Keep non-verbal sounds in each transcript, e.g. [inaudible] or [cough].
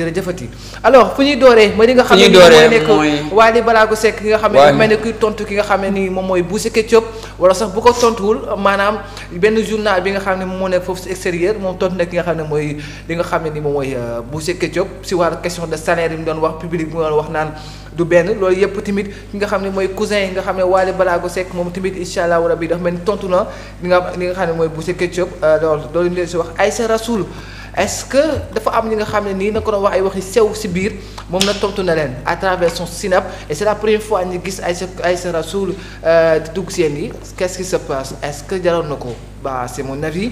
jërëjëfati alors fu ñuy dooree ma li nga xam ne nii mooy nekk Wally Ballago Seck ki nga xam ne mel ne kuy tontu ki nga xam ne nii moom mooy Boucher Ketchup wala sax bu ko tontuwul maanaam benn journal bi nga xam ne moom moo nekk foofu si extérieur moom tontu na ki nga xam ne mooy li nga ne nii moom mooy euh, Boucher Ketchup si wàllu question de salaire yi doon wax public bi mu wax naan du benn loolu yëpp tamit ki nga xam ne mooy cousin yi nga xam ne Wally Ballago Seck moom tamit incha allah rabi dafa mel ni tontu na li nga xam ne mooy Boucher Ketchup euh, loolu loolu ñu leen si wax Aïssa Rasoul est que dafa am li nga xam ne nii na ko doon wax ay waxi sew si biir moom na tontu na leen à travers son synap et c'est la première fois ñu gis Aïssa Aïssa Rassoul euh, di dugg seen yi qu'est-ce qui se passe est-ce que jaroon na ko ba c'est na avis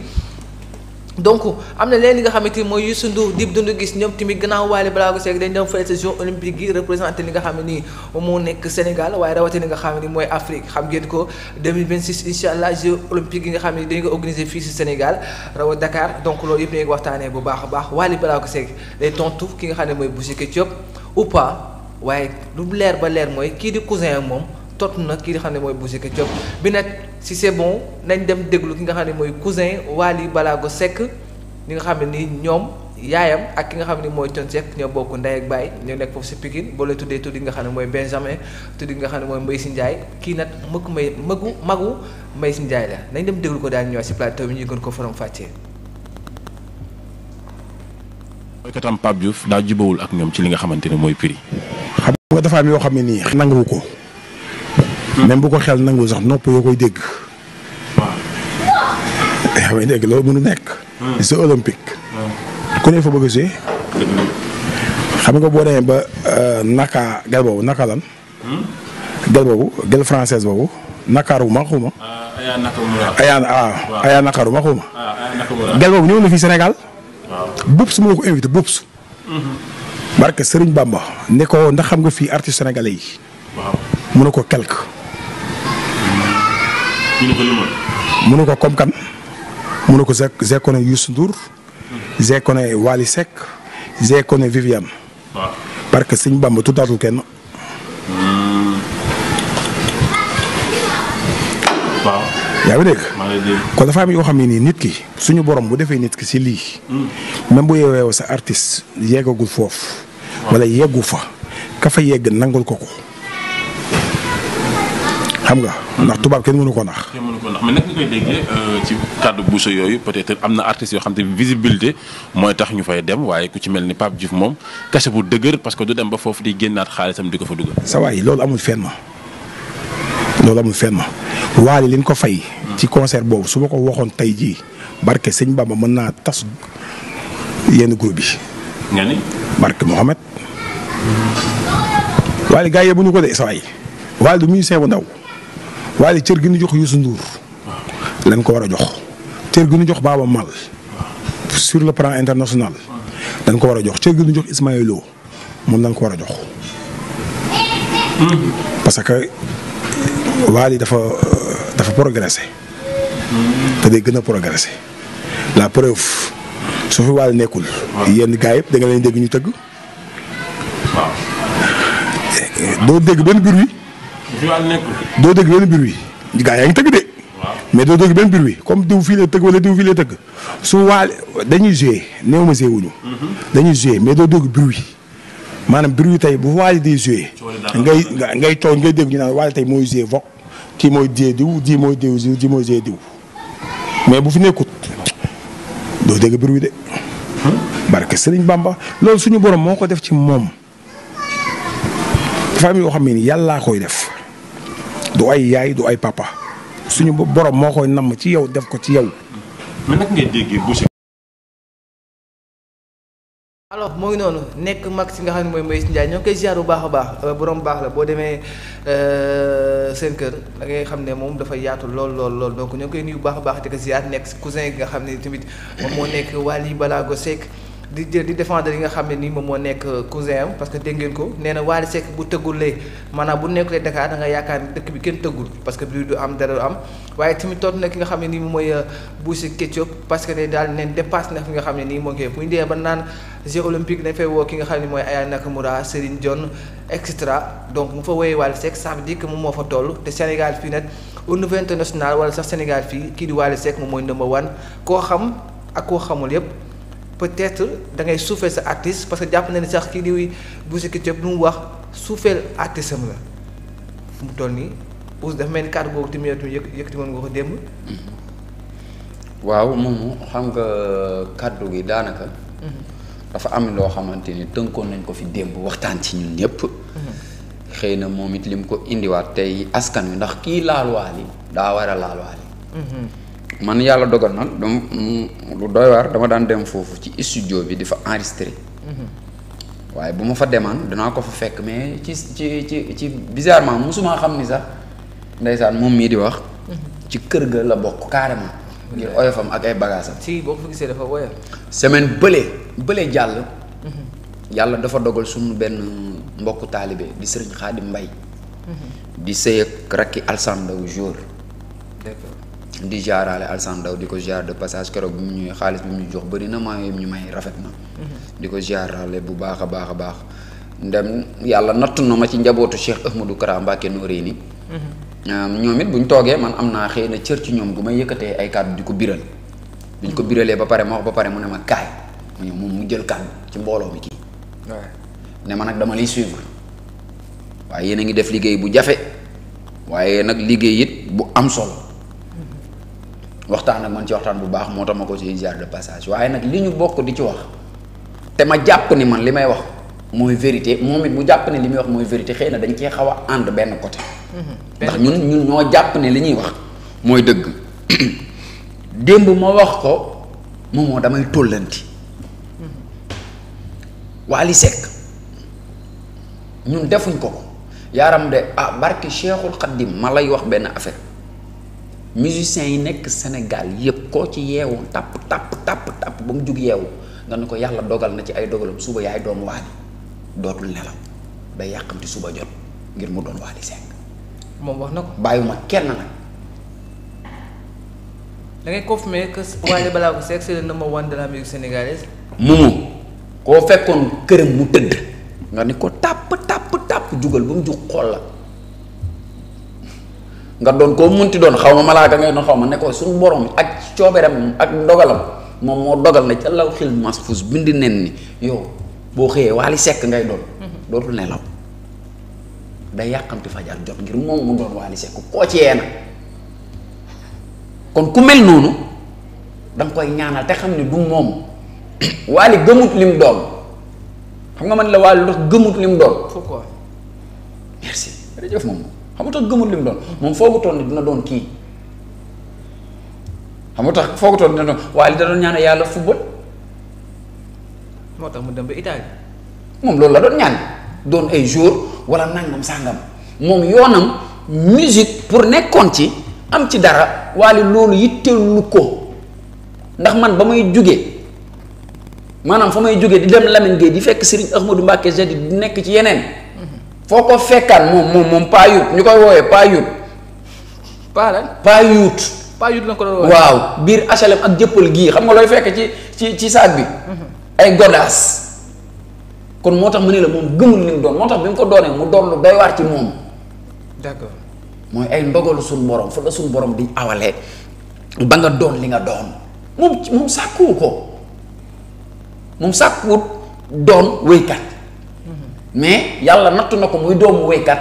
donc am na leen li nga xamante ne mooy Youssou Ndour Dip Doundou Guiss ñoom tamit gannaaw Wally Ballago Seck dañ dem fële jeux olympiques yi représenté li nga xam ne nii moo nekk Sénégal waaye rawatina li nga xam ne mooy Afrique xam ngeen ko 2026 incha allah jeux olympiques yi nga xam ne dañu ko organisé fii Sénégal rawat Dakar donc loolu yëpp dañu ko waxtaanee bu baax a baax Wally ko Seck day tontu ki nga xam ne mooy Boucher Ketchup ou pas waaye lu leer ba leer mooy kii di cousin moom. tot na ki nga xam ne mooy Boucher Ketchup bi nag si c'est bon nañ dem déglu ki nga xam ne mooy cousin Wally Balago Seck ñi nga xam ne nii ñoom yaayam ak ki nga xam ne mooy Thione Seck ñoo bokk ndey ak baay ñoo nekk foofu si Pikine boo la tuddee tuddi nga xam ne mooy Benjamin tuddi nga xam ne mooy Mbaye si Ndiaye kii nag mëkk may mëgu magu Mbaye si njaay la nañ dem déglu ko daal ñëwaat si plateau bi ñuy gën ko forom fàccee. boykatam Pape Diouf daa jubawul ak ñoom ci li nga xamante ne mooy prix. xam nga dafa am yoo xam ne nii nanguwu ko. Hmm. même bu ko xel nangu sax nopp yoo koy dégg. waaw. yaa dégg loolu mënu nekk. Hmm. c'est olympique. Hmm. ku ne fa bëgg si. xam nga boo demee ba euh, naka gel boobu naka lan. gel boobu gel française boobu nakaaru ma xuma. ayaa nakamura ayaa ah ayaa nakaaru ah, ma xuma. Ah, gel boobu ñëw na fii Sénégal. waaw moo ko invité Boubs. barke Serigne Bamba ne ko ndax xam nga fii artiste sénégalais yi. waaw mu ko quelque. mënu ko lëmal. mënu ko comme kan mënu ko Zek Zek connaît Youssou Ndour. Zek connaît Wally Seck. Viviane. waaw parce que Sëñ Bamba tuddaatul kenn. Hmm. waaw. yaa ngi dégg. kon dafa am yoo xam ne nii nit ki suñu borom bu defee nit ki si lii. Hmm. même bu yeewee sa artiste yeggagul foofu. walla yeggu fa ka fa yegg nangul ko ko. xam nga. ndax tubaab kenn mënu ko ndax kenn mënu ko nax mais naka euh, ci kàddu Bousso yooyu peut-être am na artistes yoo xam te visibilité mooy tax ñu fay dem waaye ku ci mel ni Pape Diouf moom kese bu dëgër parce que du dem ba foofu di génnaat xaalisam di ko fa dugal. sa waay loolu amul fenn loolu amul fenn waaye li ñu ko fay. ci concert boobu su ma ko waxoon tey jii barke sëñ Bamba mën naa tas yenn group yi. nga ni barke Mouhamed. waaye gars yi bu ñu ko dee sa waay waaye du musicien bu ndaw. waaye cër gi nu jox Youssou Ndour lañ ko war a jox cër gi ñu jox Baaba Maal sur le plan international dañ ko war a jox cër gi ñu jox Ismaël Lo moom dañ ko war a jox parce que Wally dafa dafa progressé te day gën a progressé la preuve soo fi Wally nekkul yenn gaa yëpp da nga leen dégg ñu tëgg boo doo dégg benn bir wi Joal nekkul. doo dégg gaa yaa ngi tëgg de. mais doo dégg benn bruit comme diw fii lay tëgg wala diw fii lay tëgg su waal dañuy joué néew ma joué wuñu. Mhm. dañuy joué mais doo dégg bruit maanaam bruit tey bu waali di joué. ngay ngay toog ngay dégg ñu naan waali tey mooy joué vok kii mooy dee diw di mooy diw diw di mooy diw mais bu fi nekkut doo dégg bruit de. barke Sëriñ Bamba loolu suñu borom moo ko def ci moom. dafa am yoo xam ne ni yàllaa koy def. du ay yaay du ay papa suñu borom moo koy namm ci yow def ko ci yow. mais naka ngay déggee moo ngi noonu nekk mag si nga xam ne mooy Mbaye Ndiaye ñoo koy ziar bu baax a baax euh, borom baax la boo demee euh, seen kër da ngay xam ne moom dafa yaatu lool lool lool donc ñoo ngi koy nuyu bu baax a baax di ko ziar nekk cousin nga xam ne tamit moom moo nekk Wally Balago Seck. di di défendre yi nga xam ne nii moom moo nekk euh, cousin am parce que dégg ko nee na Wally Seck bu tëggulee maanaam bu nekkulee Dakar da yaakaar ni dëkk bi kenn tëggul parce que biir du am dara du am waaye tamit toog na ki nga xam ne nii moom mooy euh, Boucher que daal neen dépassé na xam ne nii moo ngi dee ba naan Jeux olympiques dañ fay woo ki nga xam ne mooy Aya Nakamura Serigne Dione et cetera donc mu fa woowee Wally Seck ça veut dire moom moo fa toll te Sénégal fii nag au niveau international wala sax Sénégal fii kii di Wally Seck moom mooy number one koo xam ak koo xamul yépp peut-être da ngay suufee sa artiste parce que jàpp na ni sax kii di Boucher Ketchup lu mu wax suufeel artiste am la mu toll nii Ousse dafa mel ni kàddu boobu tamit yëkkati yëkkati woon nga ko démb. Mm-hmm. waaw moom xam kàddu gi daanaka. Mm-hmm. dafa am loo xamante ni tënkoon nañ ko fi démb waxtaan ci ñun ñëpp. Mm-hmm. xëy na moom it lim ko indiwaat tey askan wi ndax kii laaluwaali daa war a laaluwaali. man yàlla dogal na dama lu doy waar dama daan dem foofu ci studio bi di fa mm-hmm. waaye bu ma fa demaan danaa ko fa fekk mais ci ci ci ci bizarrement mosumaa xam ni sax ndeysaan moom mii di wax mm-hmm. ci kër ga la bokk carrément ngir mm-hmm. oyofam ak ay bagaasam si boo ko dafa woyof semaine bële bële jàll yàlla dafa dogal suñu benn mbokku taalibe di sëriñ Xaadim Mbay di sëy ak rakki Alsane Ndaw jour di jaaraale Alsane Daw di ko jaar de passage keroog bi mu ñuy xaalis bi mu jox bëri na maa yooyu ñu may rafet na. Mhm. di ko jaar jaaraale bu baax a baax a baax. ndem yàlla natt na ma ci njabootu Cheikh Ahmadou Kara Mbacké Noreyni. Mhm. ñoom it bu ñu toogee man am naa xëy na cër ci ñoom bu may yëkkatee ay kàddu di ko biral. bi ko mhm. biralee ba pare ma wax ba pare mu ne ma kaay mu ñëw moom mu jël kàddu ci mbooloo mi kii. ne ma nag dama lay suivre waaye yéen a ngi def liggéey bu jafe waaye nag liggéey bu am solo. waxtaan ak man ci waxtaan bu baax moo tax ma ko ci ziar de passage waaye nag li ñu bokk di ci wax te ma jàpp ni man li may wax mooy vérité moom it mu jàpp ne li muy wax mooy vérité xëy na dañ cee xaw a benn côté. Mhm. ndax ñun ñun jàpp ne li ñuy mooy dëgg [clears throat] démb ma wax ko moom moo damay tóllanti mhm. Wally Seck ñun defuñ ko ko yaaram de ah barke Cheikhul Khadim ma lay wax benn affaire. musiciens yi nekk Sénégal yëpp koo ci yeewu tàpp tàpp tàpp tàpp ba mu jug yeewu nga ne ko yàlla dogal na ci ay dogalam suba yaay doon waali dootul nelaw day yàqamti suba jot ngir mu doon waali moom wax na ko bàyyiwuma kenn nag da ngay confirmer que Waly Ballago Seck c'est le number one de la musique sénégalaise koo fekkoon këram mu tëdd nga ni ko tàpp tàpp tàpp jugal ba mu jug xool la nga doon koo munti doon xaw ma malaaka ngay doon xaw ma ne ko suñu borom ak cooberam ak dogalam moom moo dogal na ca law xil masfus bindi nen ni yow boo xëyee waali sekk ngay doon mhm. dootul nelaw day yàqamti fajar jot ngir moom mu doon waali sekk koo ci yee kon ku mel noonu danga koy ñaanal te xam ne du moom [clears throat] waali gëmut lim doon xam nga man la waali lu tax gëmut lim doon pourquoi merci jërëjëf moom xam nga tax gëmul li mu doon moom foogutoon ne dina doon kii xam tax foogutoon dina doon waaye li da doon ñaan yàlla football. moo mu dem ba Italie. moom loolu la doon ñaan doon ay jour wala nangam sàngam moom yoonam musique pour nekkoon ci am ci dara waaye loolu yitteelu ko ndax man ba may jóge maanaam fa may jóge di dem Lamine Gueye di fekk Serigne Ahmadou Mbacké Jadi di nekk ci yeneen. foo ko fekkaan moom moom moom paa ñu koy woowee paa yuut. paa lan paa yuut. paa yuut la ko doon woowee waaw biir HLM ak jëppal gii xam nga looy fekk ci ci ci saag bi. Mhm. ay godaas. kon moo tax mu ne la moom gëmul li mu doon moo tax bi mu ko doonee mu doon lu doy waar ci moom. mooy ay ndogalu suñu borom fa la suñu borom di awalee ba nga doon li nga doon moom moom sàkkuwu ko moom sàkkuwut doon wéykat mais yàlla nattu na ko muy doomu wéykat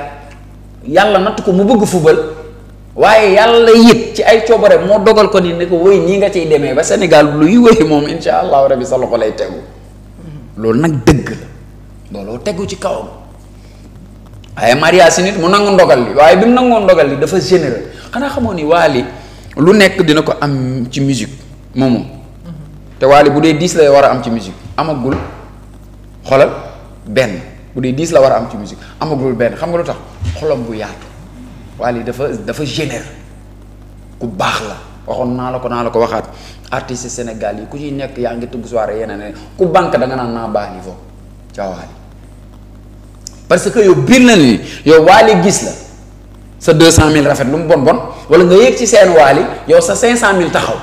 yàlla nattu ko mu bëgg fubal waaye yàlla yit ci ay coobare moo dogal ko ni ne ko wéy ñii nga ciy demee ba Sénégal luy wéy moom insha allahu rabbi sa loxo lay tegu loolu nag dëgg la looloo tegu ci kawam waaye Maria si nit mu nangu ndogal li waaye bi mu nangoo ndogal li dafa généreux xanaa xamoon ni Wally lu nekk dina ko am ci musique moom te Wally bu dee dix lay war a am ci musique amagul xolal benn bu dee dix la war a am ci musique amagul benn xam nga lu tax xolom bu yaatu Wally dafa dafa génère ku baax la waxoon naa la ko naa la ko waxaat artiste Sénégal yi ku ci nekk yaa ngi tëgg soirée yeneen ku banque danga naan naa baax niveau ca Wally parce que yow biir na ni yow Wally gis la sa deux cent mille rafet lu mu bon bon wala nga yéeg ci seen Wally yow sa cinq cent mille taxaw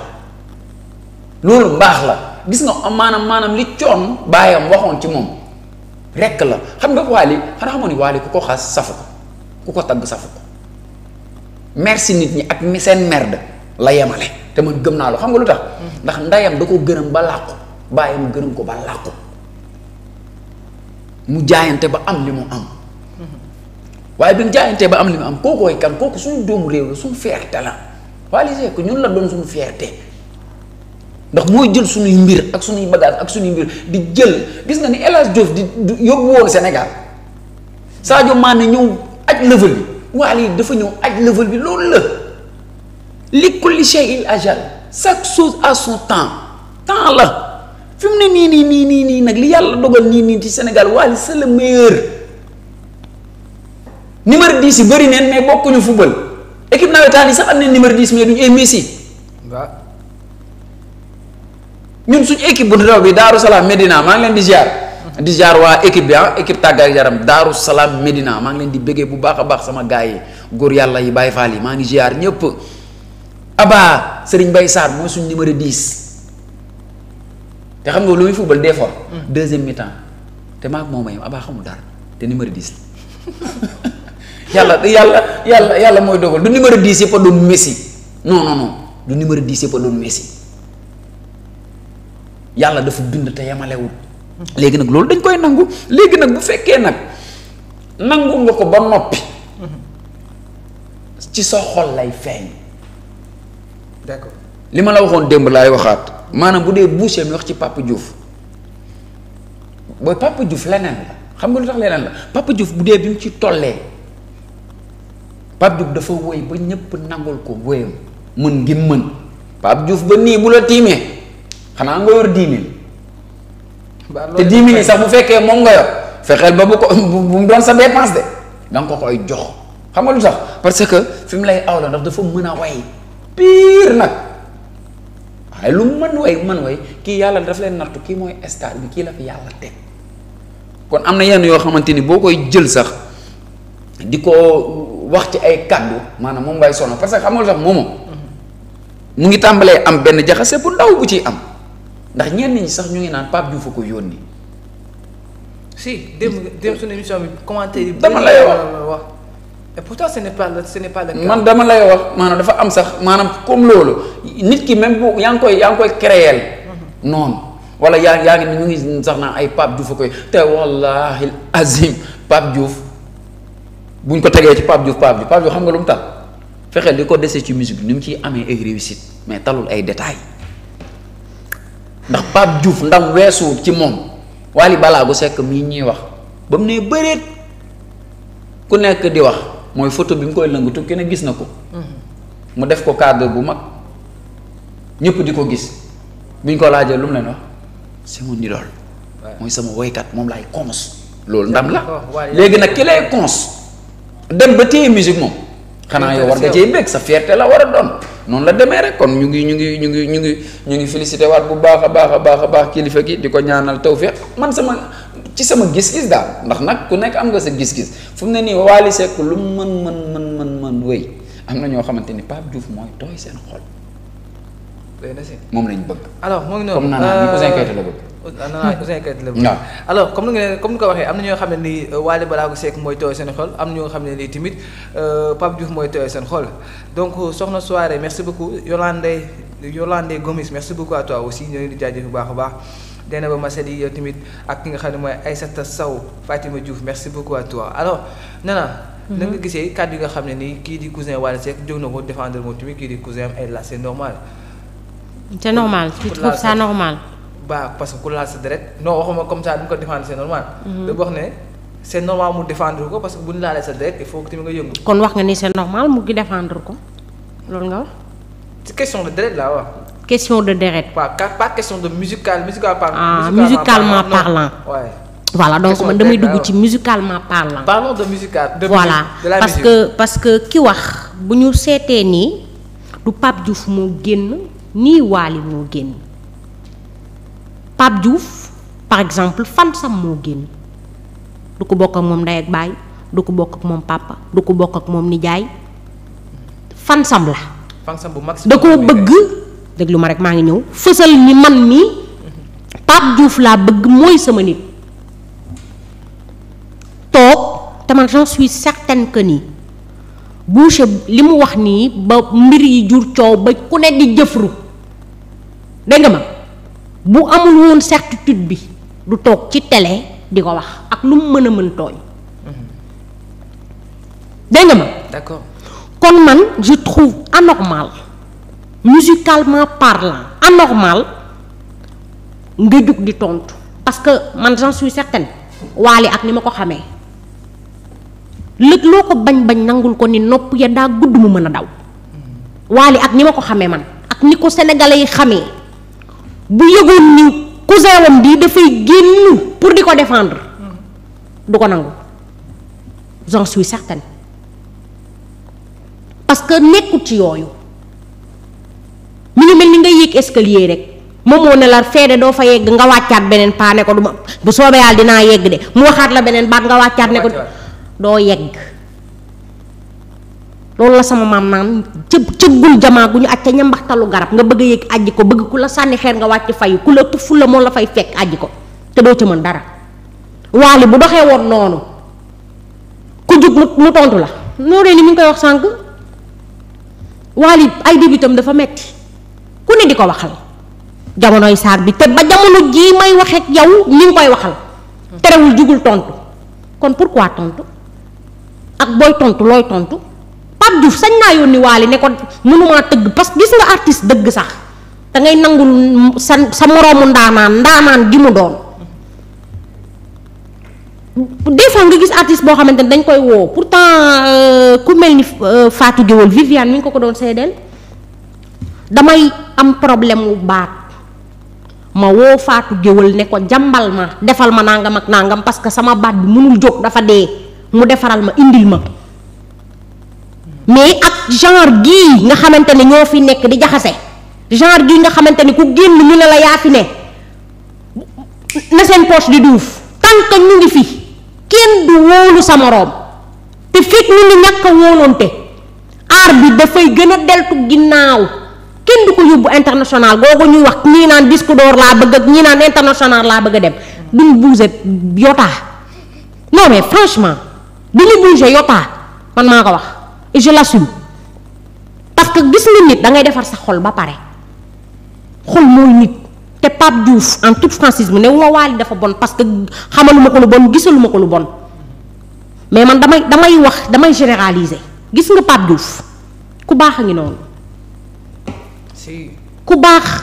loolu baax la gis nga maanaam maanaam li coon baayam waxoon ci moom rekk la xam nga Wally xanaa xamoon ni Wally ku ko xas safu ko ku ko tagg safu ko merci nit ñi ak mi seen merde la yemale te man gëm naa lu xam nga lu tax mm-hmm. ndax ndeyam da ko gërëm ba làqu bàyyam gërëm ko ba làqu mu jaayante ba am li mu am mm-hmm. waaye bi mu jaayantee ba am li mu am kooku koy kan kooku suñu doomu réew la suñu fierté la Wally Seck ñun la doon suñu fierté ndax mooy jël suñuy mbir ak suñuy bagage ak suñuy mbir di jël gis nga ni El Hadj Diouf di yóbbu woon Sénégal Sadio Mané ñëw aj level bi Waly dafa ñëw aj level bi loolu la li kulli shay'in ajal chaque chose à son temps temps la fi ne nii nii nii nii nii nag li yàlla dogal nii nii ci Sénégal Waly c'est le meilleur numéro 10 yi bëri neen mais bokkuñu football équipe nawetaan yi sax am na numéro 10 mais duñu ay ñun suñu équipe bu ndaw bi Daaru Salaam maa ngi leen di di ziar waa équipe bi ah équipe tàggat yaram Daaru maa ngi leen di bëggee bu baax baax sama gars yi góor yàlla yi Baye Fall yi maa ngi ziar ñëpp Aba Serigne Baye Sarr mooy suñu numéro xam nga lu muy football des fois. Hmm. te maag moo may Aba xamul dara te numéro 10 [laughs] yàlla yàlla yàlla yàlla mooy dogal du numéro 10 yëpp a doon Messi non non non du numéro 10 yëpp a doon Messi. yàlla dafa dund te yemalewul léegi nag loolu dañ koy nangu léegi nag bu fekkee nag nangu nga ko ba noppi ci sa xol lay feeñ d'accord li ma la waxoon démb laay waxaat maanaam bu dee boucher mi wax ci Papa juuf booy Papa juuf leneen la xam nga lu tax leneen la Papa Diouf bu dee bi mu ci tollee Pape Diouf dafa woy ba ñëpp nangul ko woyam mën ngi mën Pape juuf ba nii bu la tiimee xanaa nga yor dix mille te dix mille sax bu fekkee moom nga yor fexeel ba bu ko bu mu doon sa dépense de da koy jox xam nga lu tax parce que fi mu lay aw la ndax dafa mën a way pire nag waaye lu mën way mën way kii yàlla daf leen nattu kii mooy star bi kii la fi yàlla teg kon am na yenn yoo xamante ni boo koy jël sax di ko wax ci ay kàddu maanaam moom ngay sono parce que xam sax lu mm-hmm. mu ngi tàmbalee am benn jaxase bu ndaw bu ci am ndax ñenn ñi sax ñu ngi naan Pape Diouf a ko yónni. si démb démb bi commenté. dama lay wax et pourtant ce n'est man dama lay wax maanaam dafa am sax maanaam comme loolu nit ki même bu yaa ngi koy yaa ngi koy noonu wala yaa yaa ngi ñu ngi sax naan ay Pape Diouf a koy te wallahi azim Pape Diouf buñ ko tegee ci Pape Diouf Pape Diouf Pape Diouf xam nga lu mu tal fexeel ko dese ci musique bi ni mu ciy amee ay réussite mais talul ay détails. ndax Pape Diouf ndam weesu ci moom Wally bu sekk mii ñuy wax ba mu nee bëreet ku nekk di wax mooy photo bi mu koy lëngatu kenn gis na ko. mu def ko cadre bu mag ñépp di ko gis bi ñu ko laajee lu mu leen wax c'est mon idole mooy sama woykat moom laay cons loolu ndam la léegi nag ki lay cons dem ba téye musique moom xanaa yow war nga bëgg sa fierté la war a doon. noonu la demee rek kon ñu ngi ñu ngi ñu ngi ñu ngi ñu ngi félicité waat bu baax a baax a baax a kilifa gi di ko ñaanal tawfiq man sama ci sama gis-gis daal ndax nag ku nekk am nga sa gis-gis fu mu ne nii Wally Seck lu mu mën mën mën mën mën wéy am na ñoo xamante ni Pape Diouf mooy tooy seen xol. moom lañ bëgg. alors moo ngi noonu comme naan ñu ko la bëgg. waaw alors comme ni nga comme ni ko xam ne nii euh, Wally Ballago Seck mooy tooy na ñoo xam ne nii tamit euh, Pape Diouf mooy tooy seen xol donc euh, soxna soirée merci beaucoup Yolande Yolande Gomis merci beaucoup à toi aussi ñoo ngi di jaajëf bu baax baax. Dena ba Masady yow tamit ak ki nga xam ne mooy Aïssata Sow Fatima Diouf merci beaucoup à toi alors Nana. Mhm. na gisee kàddu yi nga xam ne nii kii di cousin Wally Seck jóg na ko défendre moom tamit kii di cousin am ay la c'est normal. c'est normal tu trouves ça baax parce que ku laal sa deret non waxuma comme ça du ko défendre c'est normal. Mhm. da wax ne c'est normal mu défendre ko parce que bu laa laalee sa deret il faut que tamit nga yëngu. kon wax nga ni c'est normal mu ngi défendre ko loolu nga wax. ci question de deret laa wax. question de deret. par. ah musicalement parlant waaye. voilà donc man damay dugg ci musicalement parlant. parlons de musical de voilà de la parce que parce que ki wax bu ñu seetee nii du Pape Pape Diouf par exemple fan sam moo génn du ko bokk ak moom ndey ak baay du ko bokk ak moom papa du ko bokk ak moom nijaay fan la. fan sam bu maximum da koo bëgg. déglu ma rek maa ngi ñëw fësal ni man mi Pape Diouf laa bëgg mooy sama nit toog te man j'en suis certaine que ni Boucher li mu wax nii ba mbir yi jur coow ba ku ne di jëfru dégg ma. bu amul woon certitude bi du toog ci télé di ko wax ak lu mu mën a mën tooñ dégg nga ma d'accord kon man je trouve anormal musicalement parlant anormal nga jug di tontu parce que man j'en suis certaine waali ak ni ma ko xamee lëg loo ko bañ bañ nangul ko ni nopp ya daa gudd mu mën a daw hmm. waali ak ni ma ko xamee man ak ni ko sénégalais yi xamee bu yëgoon ni cousin wam bi dafay génn pour di ko défendre du ko nangu j'en suis certaine parce que nekkut ci yooyu mi ngi mel ni nga yéeg escalier rek moom moo ne la feede doo fa yegg nga wàccaat beneen paa ko du ma bu soobee yàlla dinaa yegg de mu waxaat la beneen baat nga wàccaat ne ko doo yegg loolu la sama maam naan cë cëggul jamaa gu ñu acca ñambaxtalu garab nga bëgg a yëg ajji ko bëgg ku la sànni xeer nga wàcc fayu ku la tuff la moo la fay fekk ajji ko te doo ci mën dara waali bu doxee woon noonu ku jug mu tontu la nooree ni mi ngi koy wax sànq waali ay débutam dafa metti ku ne ko waxal jamonoy saar bi te ba jamono jii may wax ak yow ñu ngi koy waxal terewul jugul tontu kon pourquoi tontu ak booy tontu looy tontu Pape Diouf sañ naa yónni waale ne ko mënumaa tëgg parce que gis nga artiste dëgg sax da ngay nangul sa sa moroomu ndaanaan ndaanaan gi mu doon des fois nga gis artiste boo xamante ne dañ koy woo pourtant euh, ku mel ni euh, faatu Guewel Viviane mi ngi ko ko doon seedeel damay am problème wu baat ma woo Fatou Guewel ne ko jàmbal ma defal ma nangam ak nangam parce que sama baat bi mënul jóg dafa dee mu defaral ma indil ma mais ak genre gii nga xamante ne ñoo fi nekk di jaxase genre gii nga xamante ne ku génn ñu ne la yaa fi ne na seen poche di duuf tant que ñu ngi fi kenn du wóolu sa moroom te fekk ñu ngi ñàkk a aar bi dafay gën a deltu ginnaaw kenn du ko yóbbu international googu ñuy wax ñii naan disque d'or laa bëgg ak ñii naan international laa bëgg a dem duñ bouger yotaa non mais franchement duñu bouger yotaa man maa ko wax et je l'assume parce que gis nga nit da ngay defar sa xol ba pare xol mooy nit te Pape Diouf en toute franchise mu ne ma Wally dafa bon parce que xamaluma ko lu bon gisaluma ko lu bon mais man damay damay wax damay généralise gis nga Pape Diouf ku baax a ngi noonu. si ku baax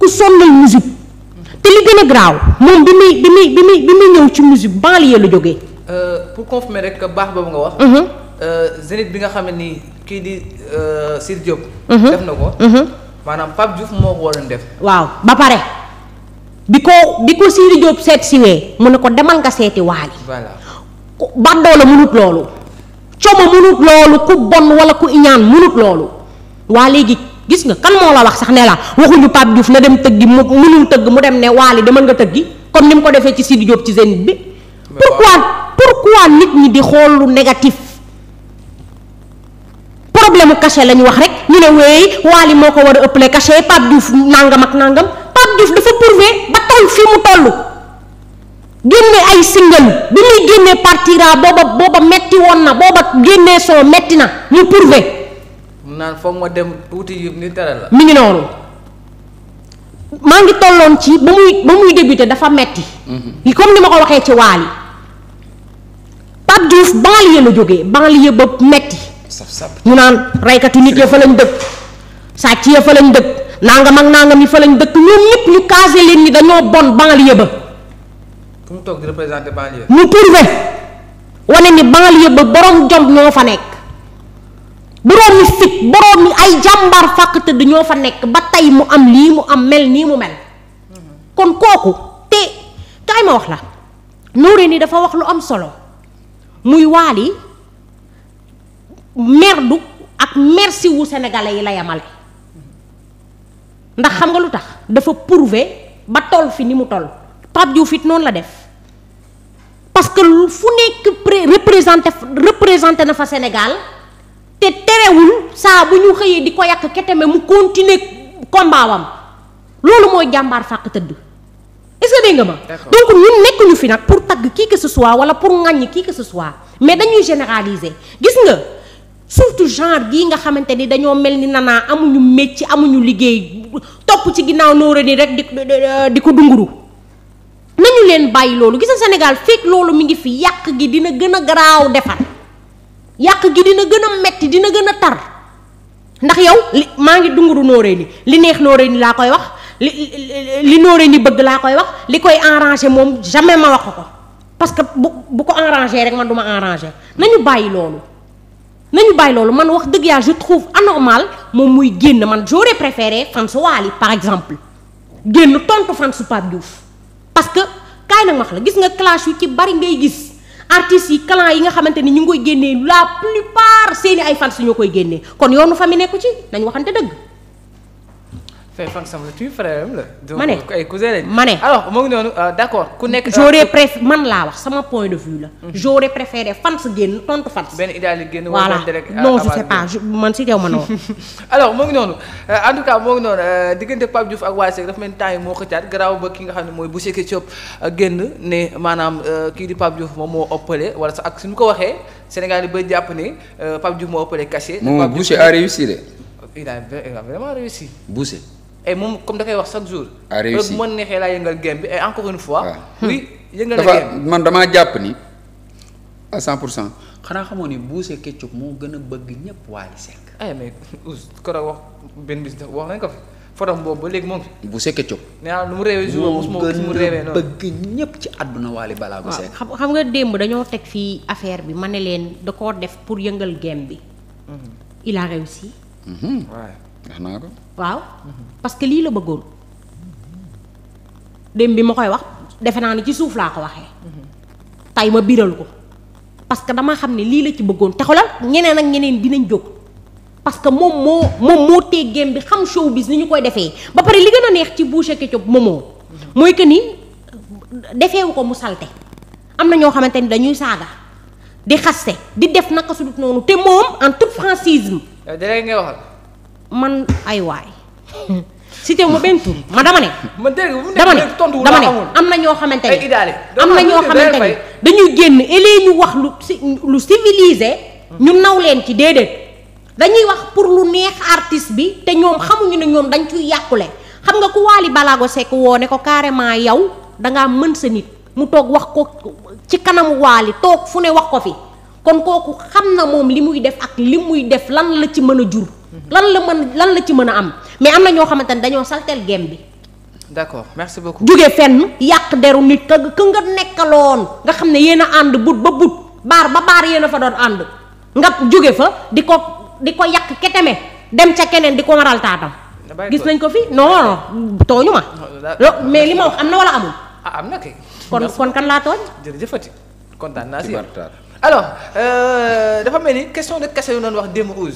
ku sonnal musique te li gën a graaw moom bi muy bi muy bi muy bi muy ñëw ci musique banlieue la jógee. Euh, pour confirmer rek baax boobu nga wax. Mhm. Euh, Zénith bi nga xam ne nii kii di euh, Sir Diop. Mhm. def na ko. Mhm. maanaam Pape Diouf moo ko waroon def. waaw ba pare di ko bi ko Sir Diop seet siwee mu ne ko demal nga seeti waali. voilà bàddoo la munut loolu. coomo munut loolu ku bon wala ku iñaan munut loolu. waa léegi gis nga kan moo la wax sax ne la waxuñu Pape Diouf na dem tëggi mu mënul tëgg mu dem ne waali demal nga tëggi kon ni mu ko defee ci Sidi Diop ci Zénith bi. pourquoi pourquoi nit ñi di xool lu négatif. problème mu cachet la ñu wax rek ñu ne wéy Wally moo ko war a ëppale cachet Pape Diouf nangam ak nangam Pape Diouf dafa prouvé ba toll fii mu toll génne ay single bi muy génnee partira booba booba metti woon na booba génnee soo metti na mu prouvé. naan foog ma mi ngi noonu maa ngi tolloon ci ba muy ba muy débuté dafa metti mhm. comme ni ma ko waxee ci Wally Pape Diouf banlieue la jógee banlieue ba metti ñu naan reykati nit ya fa lañ dëkk sàcc ya fa lañ dëkk nangam ak nangam yi fa lañ dëkk ñoom ñëpp ñu casé leen ni dañoo bon banlieue ba. ku mu toog di représenté banlieue. ni banlieue ba borom jom ñoo fa nekk borom mi fit borom mi ay jàmbaar fàq tëdd ñoo fa nekk ba tey mu am lii mu am mel nii mu mel mm-hmm. kon kooku te kaay ma wax la Nouré ni dafa wax lu am solo muy waali merdu ak merci wu sénégalais yi la yamale ndax xam nga lu tax dafa prouver ba toll fi ni mu toll Pape Diouf it noonu la def parce que fu nekk pré représenté représenté na fa Sénégal te terewul saa bu ñu xëyee di ko yàq keteme mu continuer combat loolu mooy jàmbaar fàq tëdd est ce que ma. donc ñun nekkuñu fi nag pour tagg kii que ce soit wala pour ŋàññ kii que ce soit mais dañuy généraliser gis nga. surtout genre gii nga xamante ni dañoo mel ni nanaa amuñu métier amuñu liggéey topp ci ginnaaw nóora ni rek di di ko dunguru nañu leen bàyyi loolu gis na Sénégal fekk loolu mi ngi fi yàq gi dina gën a garaaw defar yàq gi dina gën a metti dina gën a tar ndax yow li maa ngi dunguru nóoree ni li neex nóoree ni laa koy wax li li nóoree ni bëgg laa koy wax li koy arrangé moom jamais ma wax ko parce que bu bu ko arrangé rek man du ma arrangé nañu bàyyi loolu nañu bàyyi loolu man wax dëgg yàlla je trouve anormal moom muy génn man j'aurais préféré fansu Wally par exemple génn tontu fansu Pape Diouf parce que kaay nag wax la gis nga clash yu ci bari ngay gis artistes yi clan yi nga xamante ni ñu ngi koy génnee la plupart seeni ay fans ñoo koy génnee kon yoonu fa mi nekku ci nañ waxante dëgg fay fan sam la tuy frère am ne ay cousin lañ ma ne alors moo ngi noonu euh, d'accord ku nekk. Euh, j'aurais préféré man laa wax sama point de vue la. Mhm. j'aurais préféré fan sa génn tontu fan. benn idéal yi génn wala euh, non je sais pas man si teew ma noonu. moo ngi noonu en tout cas moo ngi noonu diggante Pape Diouf ak Waly Seck dafa mel temps moo xëccaat garaaw ba ki nga xam ne mooy Boucher Ketchup génn ne maanaam kii di Pape Diouf moom moo ëppale wala sa ak suñu ko waxee Sénégal yi ba jàpp ne Pape Diouf moo ëppale cachet. moom Boucher a a vraiment réussi. et moom comme da wax chaque jour. a réussi mën neexee laa yëngal game bi et encore une fois. waaw oui hmm. yëngal na game bi man damaa jàpp ni à 100 pour cent. xanaa xamoo ni Boucher Ketchup moo gën a bëgg ñëpp Wally Seck. ay eh, mais Ousse keroog wax benn boobu ba léegi moom. Boucher Ketchup. nee lu ah, mu réewee jour boobu ñëpp ci àdduna Wally Ballago ah. Seck. xam xam nga démb dañoo teg fii affaire bi ma ne leen da koo def pour yëngal game bi. Mhm. il a réussi. waaw. Mhm. wax waaw parce que lii la bëggoon dem bi ma koy wax defe naa ni ci suuf laa ko waxee. tay ma biral ko parce que dama xam ne lii la ci bëggoon te xoolal ngeneen ak ñeneen dinañ jóg. parce que moom moo moom moo teggéem bi xam showbiz ni ñu koy defee ba pare li gën a neex ci Boucher Ketchup moomoo mooy que nii defeewu ko mu salte am na ñoo xamante ni dañuy saaga di xaste di def naka su dut noonu te moom en toute francisme. yow dinañ ngay waxal. man ay waay cité ma benn tur ma dama ne. ma dégg dama ne dama ne am na ñoo xamante ne am na ñoo xamante ne dañuy génn elee ñu wax lu si lu civilisé. ñu mm. naw leen ci déedéet. dañuy wax pour lu neex artiste bi te ñoom xamuñu ne ñoom dañ ciy yàqule xam nga ku Waly Balago Seck woo ne ko carrément yow dangaa mën sa nit mu toog wax ko ci kanamu Waly toog fu ne wax ko fi kon kooku xam na moom li muy def ak li muy def lan la ci mën a jur. lan la mën lan la ci mën a am mais am na ñoo xamante ne dañoo salteel gem bi. d'accord merci beaucoup. jóge fenn yàq deru nit ka ka nga nekkaloon nga xam ne yéen a ànd but ba but baar ba baar yéen a fa doon ànd nga jóge fa di ko di ko yàq keteme dem ca keneen di ko waral taatam. gis nañ ko fi non non tooñu ma. mais li ma wax am na wala amul. ah na kay. kon kon kan laa tooñ. jërëjëfati kontaan naa si alors euh, dafa mel ni question de cachet yu doon wax démb